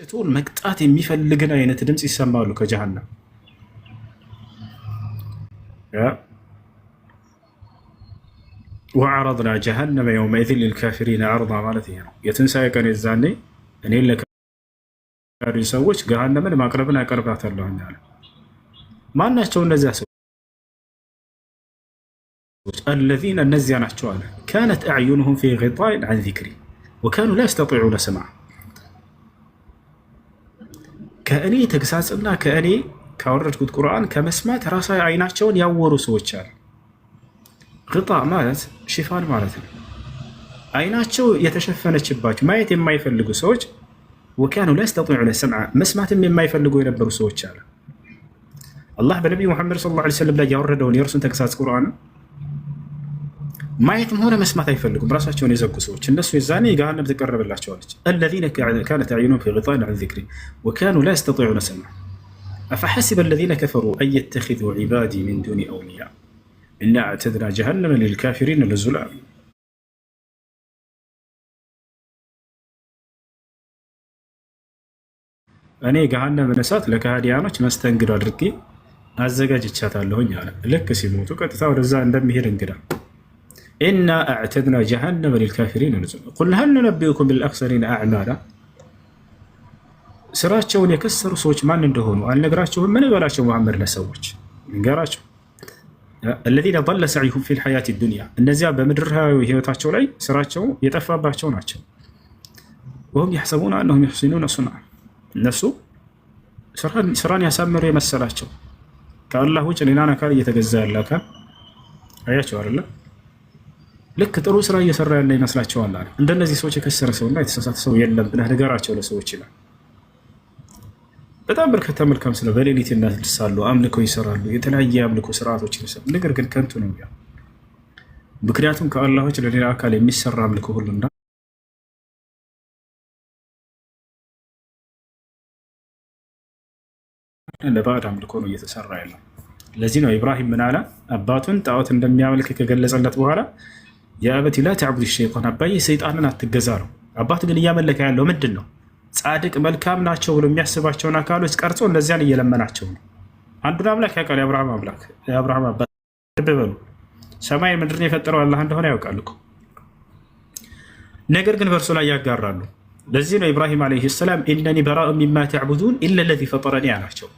ጭቱን መቅጣት የሚፈልግን አይነት ድምፅ ይሰማሉ ከጀሃነም። ወዐረድና ጀሃነመ የውመኢዝን ልልካፊሪነ ዐርዳ ማለት ይሄ ነው። የትንሣኤ ቀን የዛኔ እኔን ለካዱ ሰዎች ገሃነምን ማቅረብን አቀርባታለሁ አለ። ማናቸው እነዚያ ሰዎች? አለዚነ እነዚያ ናቸው አለ። ካነት አዕዩንሁም ፊ ጊጣኢን ዐን ዚክሪ ወካኑ ላ የስተጢዑነ ስምዓ ከእኔ ተግሳጽና ከእኔ ካወረድኩት ቁርአን ከመስማት ራሳ አይናቸውን ያወሩ ሰዎች አሉ። ግጣ ማለት ሽፋን ማለት ነው። አይናቸው የተሸፈነችባቸው ማየት የማይፈልጉ ሰዎች ወኪያኑ ላይ ስተጢዑ ለሰምዓ መስማትም የማይፈልጉ የነበሩ ሰዎች አሉ። አላህ በነቢዩ መሐመድ ሰለላሁ ዐለይሂ ወሰለም ላይ ያወረደውን የእርሱን ተግሳጽ ቁርአን ማየትም ሆነ መስማት አይፈልጉም። ራሳቸውን የዘጉ ሰዎች እነሱ የዛኔ ገሃነም ትቀረብላቸዋለች። አለዚነ ካነት አዕዩኑሁም ፊ ጊጣእ ዐን ዚክሪ ወካኑ ላ የስተጢዑነ ሰምዐ አፈሐሲበ አለዚነ ከፈሩ አን የተኺዙ ዒባዲ ሚን ዱኒ አውሊያ እና አዕተድና ጀሃነመ ሊልካፊሪን ንዙላ እኔ ገሃነምን እሳት ለካህዲያኖች መስተንግዶ አድርጌ አዘጋጅቻታለሁኝ አለ። ልክ ሲሞቱ ቀጥታ ወደዛ እንደሚሄድ እንግዳ ኢና አዕተድና ጀሃነመ ሊልካፊሪን ቁል ሀል ኑነቢኡኩም ቢልአክሰሪን አዕማላ ስራቸውን የከሰሩ ሰዎች ማን እንደሆኑ አልነግራቸውም? ምን በላቸው መሐመድ ለሰዎች ንገራቸው። አለዚነ ለ ሰዕዩሁም ፊ ልሐያት ዱንያ እነዚያ በምድራዊ ህይወታቸው ላይ ስራቸው የጠፋባቸው ናቸው። ወሁም ያሕሰቡን አነሁም ዩሕሲኑነ ሱንዓ እነሱ ስራን ያሳመሩ የመሰላቸው ከአላህ ውጭ ሌላን አካል እየተገዛ ያለ አካል አያቸው አይደለም ልክ ጥሩ ስራ እየሰራ ያለ ይመስላቸዋል አለ። እንደነዚህ ሰዎች የከሰረ ሰውና የተሳሳተ ሰው የለም ብለህ ንገራቸው ለሰዎች ይላል። በጣም በርካታ መልካም ስለ በሌሊት ይነሳሉ፣ አምልኮ ይሰራሉ፣ የተለያየ አምልኮ ስርዓቶች ይሰራሉ። ነገር ግን ከንቱ ነው። ያ ምክንያቱም ከአላሆች ለሌላ አካል የሚሰራ አምልኮ ሁሉ እና ለባዕድ አምልኮ ነው እየተሰራ ያለው። ለዚህ ነው ኢብራሂም ምን አለ አባቱን ጣዖት እንደሚያመልክ ከገለጸለት በኋላ የአበቲ ላ ተዕቡድ ሸይጣን አባዬ ሰይጣንን አትገዛ ነው። አባት ግን እያመለከ ያለው ምንድን ነው? ጻድቅ መልካም ናቸው ብሎ የሚያስባቸውን አካሎች ቀርጾ እነዚያን እየለመናቸው ነው። አንዱን አምላክ ያውቃል። የአብርሃም አምላክ የአብርሃም አባት በሉ ሰማይ ምድርን የፈጠረው አላህ እንደሆነ ያውቃል እኮ ነገር ግን በእርሱ ላይ ያጋራሉ። ለዚህ ነው ኢብራሂም ዓለይሂ ሰላም ኢነኒ በራእ ሚማ ተዕቡዱን ኢለ ለዚ ፈጠረኒ አላቸው።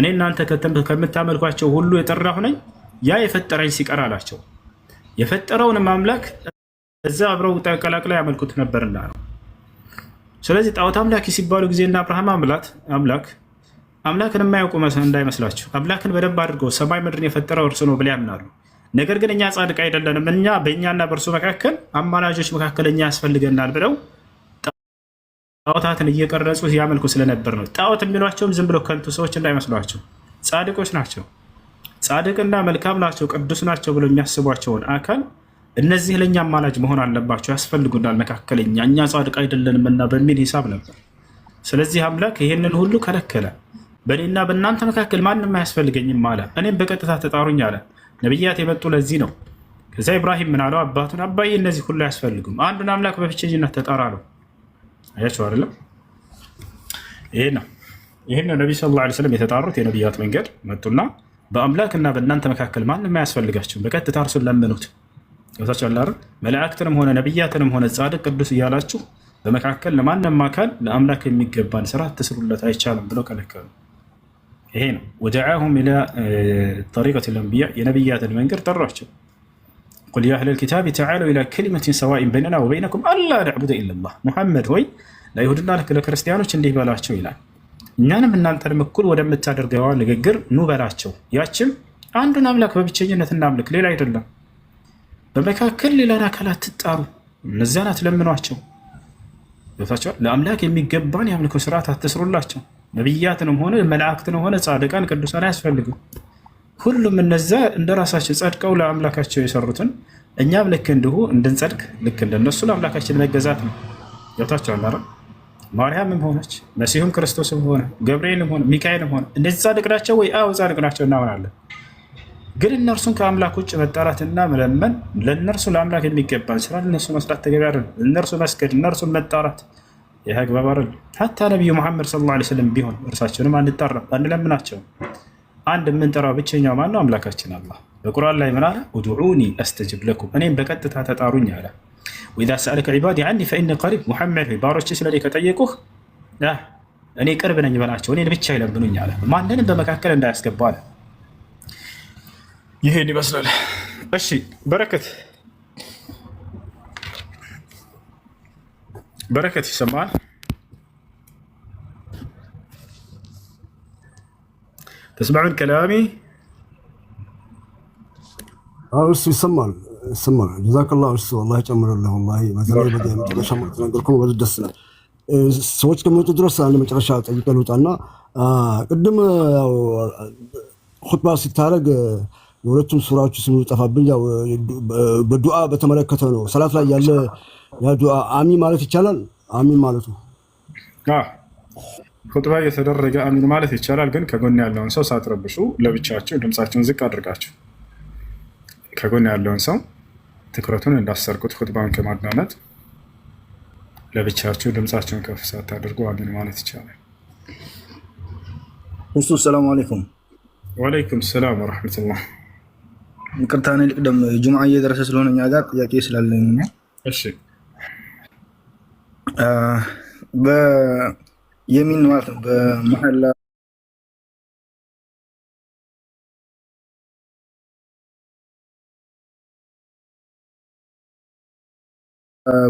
እኔ እናንተ ከምታመልኳቸው ሁሉ የጠራሁ ነኝ ያ የፈጠረኝ ሲቀር አላቸው። የፈጠረውንም አምላክ እዛ አብረው ጠቀላቅላ ያመልኩት ነበርና ነው። ስለዚህ ጣዖት አምላኪ ሲባሉ ጊዜና አብርሃም አምላክ አምላክን የማያውቁ እንዳይመስላችሁ አምላክን በደንብ አድርገው ሰማይ ምድርን የፈጠረው እርሱ ነው ብለው ያምናሉ። ነገር ግን እኛ ጻድቅ አይደለንም፣ እኛ በእኛና በእርሱ መካከል አማላጆች መካከል እኛ ያስፈልገናል ብለው ጣዖታትን እየቀረጹ ያመልኩ ስለነበር ነው። ጣዖት የሚሏቸውም ዝም ብሎ ከንቱ ሰዎች እንዳይመስሏቸው ጻድቆች ናቸው። ጻድቅና መልካም ናቸው ቅዱስ ናቸው ብሎ የሚያስቧቸውን አካል እነዚህ ለእኛ አማላጅ መሆን አለባቸው፣ ያስፈልጉናል፣ መካከለኛ እኛ ጻድቅ አይደለንም በሚል ሂሳብ ነበር። ስለዚህ አምላክ ይህንን ሁሉ ከለከለ። በእኔና በእናንተ መካከል ማንም አያስፈልገኝም አለ። እኔም በቀጥታ ተጣሩኝ አለ። ነቢያት የመጡ ለዚህ ነው። ከዚያ ኢብራሂም አለው? አባቱን አባዬ፣ እነዚህ ሁሉ አያስፈልጉም፣ አንዱን አምላክ በብቸኝነት ተጣራ ነው። አያቸው አይደለም። ይህ ነው ይህን ነው ነቢ ስ ላ ስለም የተጣሩት የነቢያት መንገድ መጡና በአምላክና በእናንተ መካከል ማንም አያስፈልጋችሁም። በቀጥታ እርሱን ለምኑት። ገብታችሁ መላእክትንም ሆነ ነቢያትንም ሆነ ጻድቅ ቅዱስ እያላችሁ በመካከል ለማንም አካል ለአምላክ የሚገባን ስራ ትስሩለት አይቻልም ብለው ከለከሉ። ይሄ ነው ወደዓሁም ኢላ ጠሪቀት ልአንቢያ የነቢያትን መንገድ ጠሯቸው። ቁል ያ አህለል ኪታብ ተዓሉ ኢላ ከሊመትን ሰዋኢን በይነና ወበይነኩም አላ ነዕቡደ ኢላላህ ሙሐመድ ሆይ ለይሁድና ለክርስቲያኖች እንዲህ በላቸው ይላል እኛንም እናንተንም እኩል ወደምታደርገዋ ንግግር ኑ በላቸው። ያችም አንዱን አምላክ በብቸኝነት እናምልክ፣ ሌላ አይደለም። በመካከል ሌላን አካላት ትጣሩ፣ እነዚያን አትለምኗቸው። ገብታችኋል። ለአምላክ የሚገባን የአምልኮ ስርዓት አትስሩላቸው። ነቢያትንም ሆነ መላእክትንም ሆነ ጻድቃን፣ ቅዱሳን አያስፈልግም። ሁሉም እነዛ እንደ ራሳቸው ጸድቀው ለአምላካቸው የሰሩትን እኛም ልክ እንዲሁ እንድንጸድቅ ልክ እንደነሱ ለአምላካችን መገዛት ነው። ገብታችኋል። ማርያምም ሆነች መሲሁም ክርስቶስም ሆነ ገብርኤልም ሆነ ሚካኤልም ሆነ እነዚህ ጻድቅ ናቸው ወይ? አዎ ጻድቅ ናቸው እናምናለን። ግን እነርሱን ከአምላክ ውጭ መጣራትና መለመን ለእነርሱ ለአምላክ የሚገባን ስራ ለእነርሱ መስራት ተገቢ አይደለም። እነርሱ መስገድ፣ እነርሱን መጣራት ይህ አግባብ አይደለም። ሀታ ነቢዩ መሐመድ ስለ ላ ስለም ቢሆን እርሳቸውንም አንጠራም አንለምናቸውም። አንድ የምንጠራው ብቸኛው ማነው? አምላካችን አላህ በቁርአን ላይ ምን አለ? ኡድዑኒ አስተጅብ ለኩም እኔም በቀጥታ ተጣሩኝ አለ። وإذا سألك عبادي عني فإن قريب محمد مبارك تسلى لك تيكوه لا أنا قرب أن يبلعش وإني نبتش هاي لبنوني على ما عندنا نبدأ مكاكل أن داعس قبالة يهيني بس لا أشي بركة بركة سمان تسمعون كلامي؟ اه بس يسمعون ስማ ጀዛከላ እርስ ወላሂ ጨምርልህ። ወላሂ በተለይ መጨረሻ ማለት ነገርኩም በዚህ ደስ ይላል። ሰዎች ከመጡ ድረስ አንድ መጨረሻ ጠይቄ ልውጣና ቅድም ሁጥባ ሲታረግ የሁለቱም ሱራዎች ስም ጠፋብኝ። ያው በዱዓ በተመለከተ ነው። ሰላት ላይ ያለ ያ ዱዓ አሚን ማለት ይቻላል። አሚን ማለቱ ሁጥባ እየተደረገ አሚን ማለት ይቻላል። ግን ከጎን ያለውን ሰው ሳትረብሹ ለብቻችሁ ድምፃችሁን ዝቅ አድርጋችሁ ከጎን ያለውን ሰው ትኩረቱን እንዳሰርጉት ሁጥባውን ከማዳመጥ ለብቻችሁ ድምፃቸውን ከፍ ሳታደርጉ አሚን ማለት ይቻላል። ውስጡ ሰላሙ አሌይኩም ወአሌይኩም ሰላም ወረሕመቱላህ። ይቅርታ እኔ ልቅደም፣ ጁምዓ እየደረሰ ስለሆነ እኛ ጋር ጥያቄ ስላለኝ ነው። እሺ በየሚን ማለት ነው በመሐላ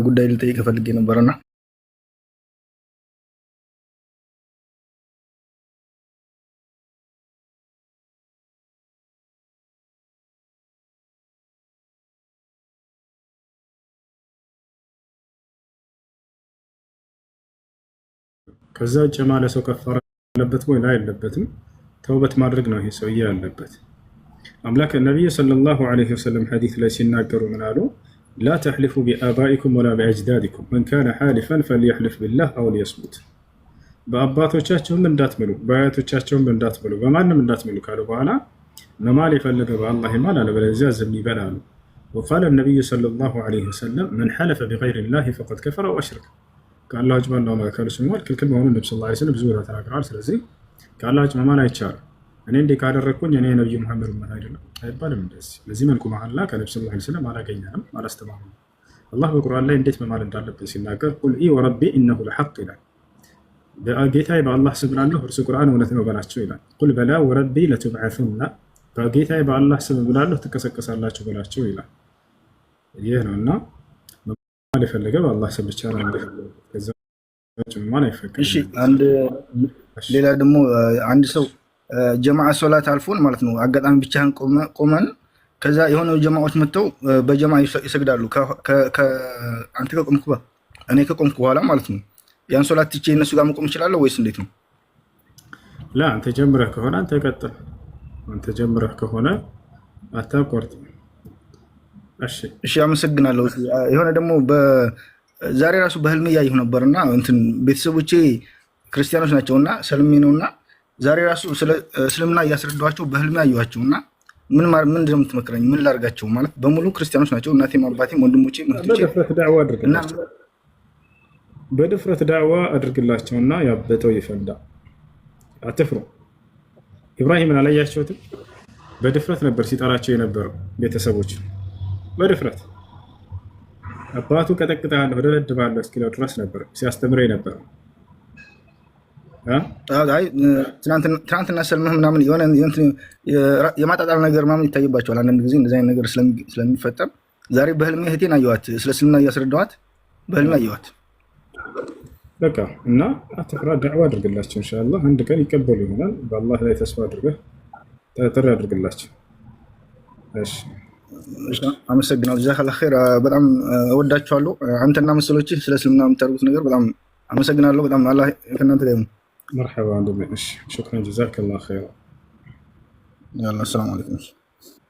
ጉዳይ ልጠይቅ ፈልጌ ነበረና ከዛ ውጭ ማለ ሰው ከፋረ ያለበት ወይ ላይ ያለበትም ተውበት ማድረግ ነው። ይሄ ሰውዬ ያለበት አምላክ ነቢዩ ሰለላሁ ዐለይሂ ወሰለም ሐዲስ ላይ ሲናገሩ ምን አሉ? لا تحلفوا بآبائكم ولا بأجدادكم من كان حالفا فليحلف بالله أو ليصمت በአባቶቻቸውም እንዳትምሉ በአያቶቻቸውም እንዳትምሉ በማንም እንዳትምሉ ካሉ በኋላ ለማል የፈለገ በአላህ ይማል አለበለዚያ ዝም ይበላሉ وقال النبي صلى الله عليه وسلم من حلف بغير الله فقد كفر واشرك ከአላህ ውጭ ማን ነው አምላክ ካሉ ሲሟል ክልክል መሆኑን ነቢ ስ ላ ስለም ብዙ ቦታ ተናግረዋል ስለዚህ ከአላህ ውጭ ማማን አይቻልም እኔ እንዴ ካደረግኩኝ እኔ ነቢዩ መሐመድ ማ አይደለም አይባልም። እንደዚህ በዚህ መልኩ መሐላ ከነቢ ስ ላ ስለም አላገኘንም፣ አላስተማሩም። አላህ በቁርአን ላይ እንዴት መማል እንዳለብን ሲናገር ቁል ኢ ወረቢ እነሁ ለሐቅ ይላል። ጌታዬ በአላህ ስም ብላለሁ እርሱ ቁርአን እውነት ነው በላቸው ይላል። ቁል በላ ወረቢ ለቱብዓሱና በጌታዬ በአላህ ስም ብላለሁ ትቀሰቀሳላችሁ በላቸው ይላል። ይህ ነው እና መማል የፈለገ በአላህ ስም ብቻ ነው። ከዛ መማል አይፈቀድም። ሌላ ደግሞ አንድ ሰው ጀማ ሶላት አልፎን ማለት ነው። አጋጣሚ ብቻህን ቆመን ከዛ የሆነ ጀማዎች መጥተው በጀማ ይሰግዳሉ። አንተ ከቆምኩ እኔ ከቆምኩ በኋላ ማለት ነው። ያን ሶላት ትቼ እነሱ ጋር መቆም እችላለሁ ወይስ እንዴት ነው? ላ አንተ ጀምረህ ከሆነ አንተ ቀጥል። አንተ ጀምረህ ከሆነ አታቋርጥ። እሺ፣ አመሰግናለሁ። የሆነ ደግሞ ዛሬ ራሱ በህልሜ እያየሁ ነበር እና እንትን ቤተሰቦቼ ክርስቲያኖች ናቸው እና ሰልሜ ነው እና ዛሬ ራሱ እስልምና እያስረዷቸው በህልሜ አየኋቸው እና ምን ምንድን ነው የምትመክረኝ? ምን ላርጋቸው? ማለት በሙሉ ክርስቲያኖች ናቸው። እናቴም አባቴም ወንድሞቼ። በድፍረት ዳዕዋ አድርግላቸው እና ያበጠው ይፈልዳ። አትፍሩ። ኢብራሂምን አላያቸውትም? በድፍረት ነበር ሲጠራቸው የነበረው ቤተሰቦች። በድፍረት አባቱ ቀጠቅጠሃለሁ፣ ደበድብሃለሁ እስኪለው ድረስ ነበር ሲያስተምረ የነበረው ትናንትና ሰልምህ ምናምን የሆነ የማጣጣል ነገር ምናምን ይታይባቸዋል። አንዳንድ ጊዜ እንደዚህ አይነት ነገር ስለሚፈጠር ዛሬ በህልሜ እህቴን አየዋት፣ ስለ እስልምና እያስረዳዋት በህልሜ አየዋት። በቃ እና አትፍራ፣ ዳዕዋ አድርግላቸው። እንሻላ አንድ ቀን ይቀበሉ ይሆናል። በአላህ ላይ ተስፋ አድርገህ ጥሪ አድርግላቸው። አመሰግናለሁ። ጀዛከላ ኸይር። በጣም እወዳችኋለሁ። አንተና መሰሎችህ ስለ እስልምና የምታደርጉት ነገር በጣም አመሰግናለሁ። በጣም አላህ ከእናንተ ጋር ይሁን። مرحبا دمش شكرا جزاك الله خير يلا السلام عليكم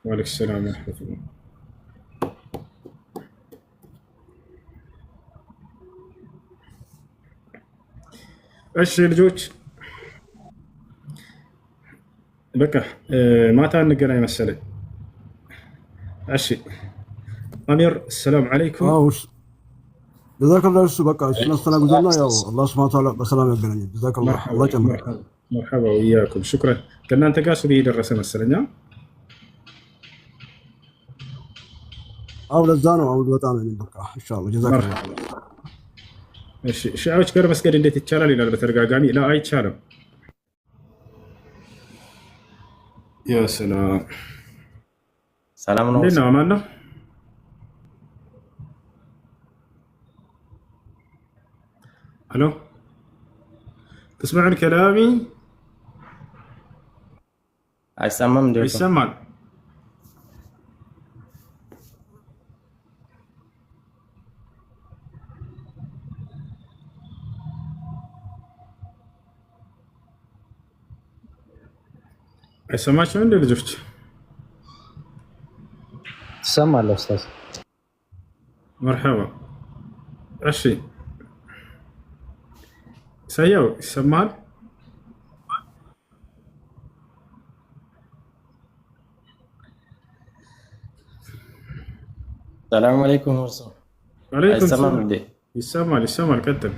وعليكم السلام ورحمة الله ايش يرجوك؟ بكا اه ما تنقل اي مساله اشي امير السلام عليكم آه، ጀዛከላ እሱ በቃ እሱን ያው አላህ ስብሐ ወተዓላ በሰላም ያገናኘን። ጀዛከላ አላህ ጨምር። መርሐባ ወኢያኩም ሹክራን። ከእናንተ ጋር ሱብሂ የደረሰ መሰለኛ። አዎ ለዛ ነው አሁን በጣም ነው በቃ ኢንሻአላህ ጀዛከላ። እሺ ሺዓዎች ጋር መስገድ እንዴት ይቻላል ይላል በተደጋጋሚ። ላ አይቻልም። ያ ሰላም ሰላም ነው። እንዴት ነው። الو تسمعون كلامي؟ أسمع مدير ما أسمعشون اللي جفت؟ سمع الأستاذ مرحبا عشرين ሰየው ይሰማል። ሰላም አለይኩም እርሶ ይሰማል፣ ይሰማል። ቀጥል።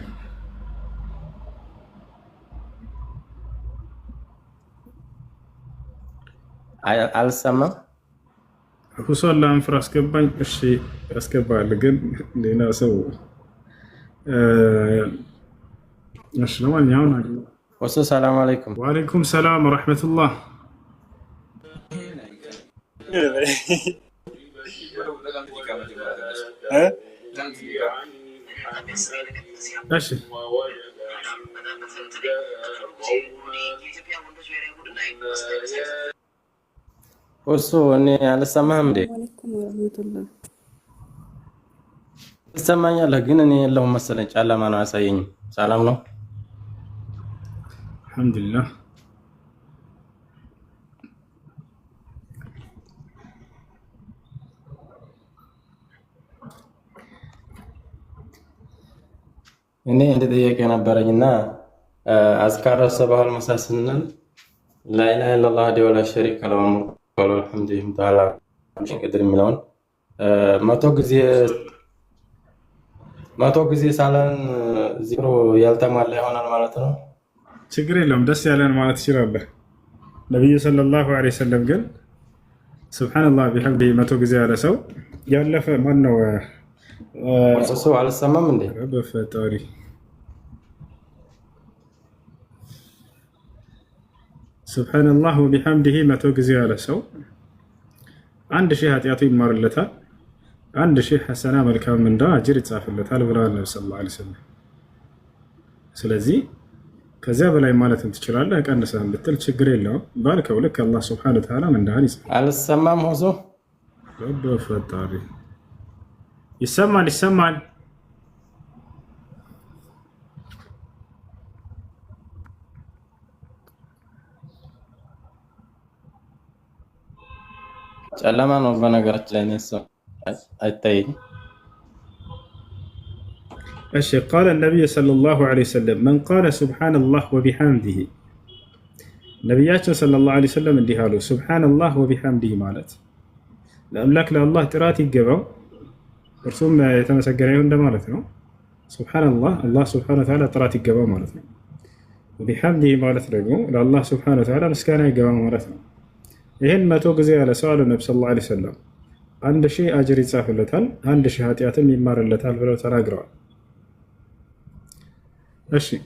አልሰማም። ሁሶን ለአንፍር አስገባኝ። እሺ፣ ያስገባል ግን ሌላ ሰው ለማንኛውም ሰላም አለይኩም ወአለይኩም ሰላም ወረሕመቱላህ እሱ እኔ አልሰማህም እንዴ? ትሰማኛለህ? ግን እኔ የለሁም መሰለኝ። ጨለማ ነው ያሳየኝ ሰላም ነው አልሐምዱሊላህ እኔ አንድ ጥያቄ ነበረኝ እና አዝካረ ሰባህል መሳ ስንል ላኢላሃ ኢለላህ ወህደሁ ላ ሸሪከ ለሁ ወለሁል ሐምዱ ተዓላ ቅድር የሚለውን መቶ ጊዜ ሳለን ዚክሩ ያልተሟላ ይሆናል ማለት ነው። ችግር የለውም። ደስ ያለን ማለት ትችላለህ። ነቢዩ ሰለላሁ ዐለይሂ ወሰለም ግን ስብሓነላህ ቢሐምድ መቶ ጊዜ ያለ ሰው ያለፈ ማን ነው? ሰው አልሰማም እንዴ? በፈጣሪ ስብሓነላህ ቢሐምድህ መቶ ጊዜ ያለ ሰው አንድ ሺህ ኃጢአቱ ይማርለታል፣ አንድ ሺህ ሐሰና መልካም እንዳ አጅር ይጻፍለታል ብለዋል ነቢ ስ ላ ስለም ስለዚህ ከዚያ በላይ ማለትም ትችላለህ። ቀንሰህም ብትል ችግር የለውም። ባልከው ልክ አላህ ስብሐነ ወተዓላ ምንዳህን ይሰማል። አልሰማም ሆዞ ፈጣሪ ይሰማል፣ ይሰማል ጨለማ ነው። በነገራችን ላይ አይታይም። الشيء قال النبي صلى الله عليه وسلم من قال سبحان الله وبحمده النبي صلى الله عليه وسلم عندي هالو سبحان الله وبحمده مالت الأملاك لله تراتي قبو ورسوم يتمسك عليهم ده سبحان الله الله سبحانه وتعالى تراتي قبو مالت وبحمده مالت رجو لله سبحانه وتعالى مسكانه قبو مالت نو. إهن ما توقزي على سؤال النبي صلى الله عليه وسلم عند شيء أجري تسافر لتال عند شيء هاتي أتمي مار لتال فلو تراغروا Assim.